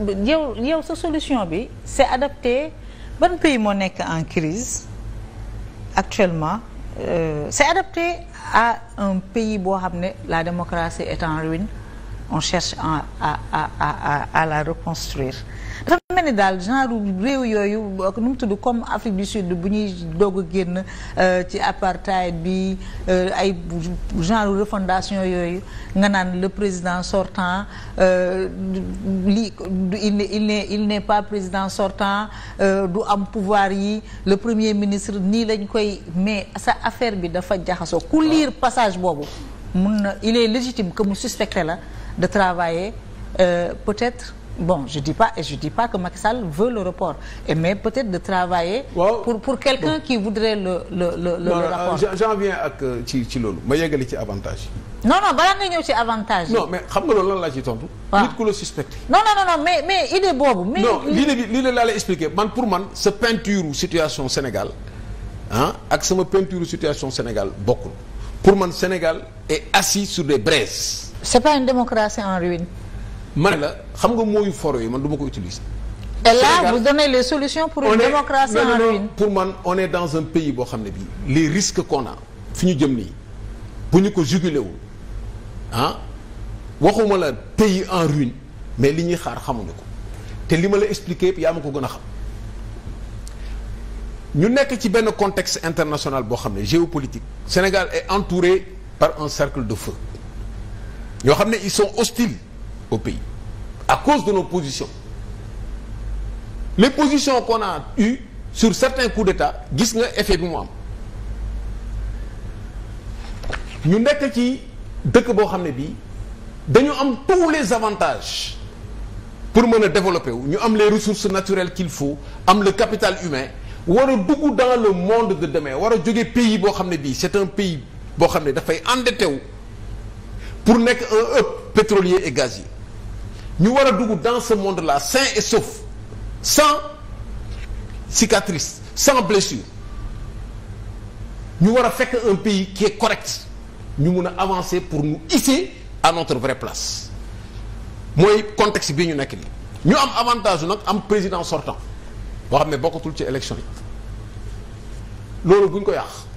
yow yow sa solution bi c'est adapté ban pays moo nekk en crise actuellement euh, c'est adapté à un pays boo xam ne la démocratie est en ruine on cherche à à à à la reconstruire. dafa mel ni daal genre réew yooyu nu mu tudd comme Afrique du Sud bu ñuy doog a génn euh, ci apartheid bi euh, ay genre refondation yooyu nga naan le président sortant euh, lii il n'est il n'est il n'est pas président sortant du am pouvoir yi le premier ministre nii lañ koy mais sa affaire bi dafa jaxasoo ku ah. lire passage boobu mun na il est légitime que mu suspecté la de travailler euh, peut-être bon je dis pas et je dis pas que Macky Sall veut le report et mais peut-être de travailler. Wow. pour pour quelqu'un bon. qui voudrait le le le le rapport. Euh, j'en viens ak euh, ci ci loolu ma yeggali ci avantage. non non balaa nga ñëw ci avantage. non mais xam na loolu lan laa ciy tontu. waaw nit ku la suspecté. non non non mais mais idée boobu. mais non l'idée bi lii la laa man pour man sa peinture situation Sénégal ah ak sama peinture situation Sénégal bokkul pour man Sénégal est assis sur des braises. c'est pas une démocratie en ruine. ma ne la xam nga mooyu foro yi man duma ko utiliser. et là vous donnez les solutions pour une est, démocratie en ruine. pour man on est dans un pays boo xam ne bii les risque qu'on a fi ñu jëm nii bu ñu ko juguler wul ah waxuma la pays en ruine mais li ñuy xaar xamuñu ko te li ma la expliqué yëpp yaa ma ko gën a xam. ñu nekk ci benn contexte international boo xam ne géopolitique Sénégal est entouré par un cercle de feu ñoo xam ne il son hostiles au pays à cause de nos positions les positions qu'on a eues sur certains coups d'état gis nga effet bi mu am ñu nekk ci dëkk boo xam ne bii dañu am tous les avantages pour mën a développer wu ñu am les ressources naturelles qu'il faut am le capital humain war a dugg dans le monde de demain war a jóge pays boo xam ne bii c'est un pays boo xam ne dafay endetté pour nekk un hub pétrolier et gazier ñu war a dugg dans ce monde là sain et sauf sans cicatrice sans blessure ñu war a fekk un pays ki est correct ñu mun a avancer pour nous hisser à notre vraie place mooy contexte bi ñu nekk nii ñu am avantage nag am président sortant boo xam ne bokkatul ci élection yi loolu buñ ko yàq.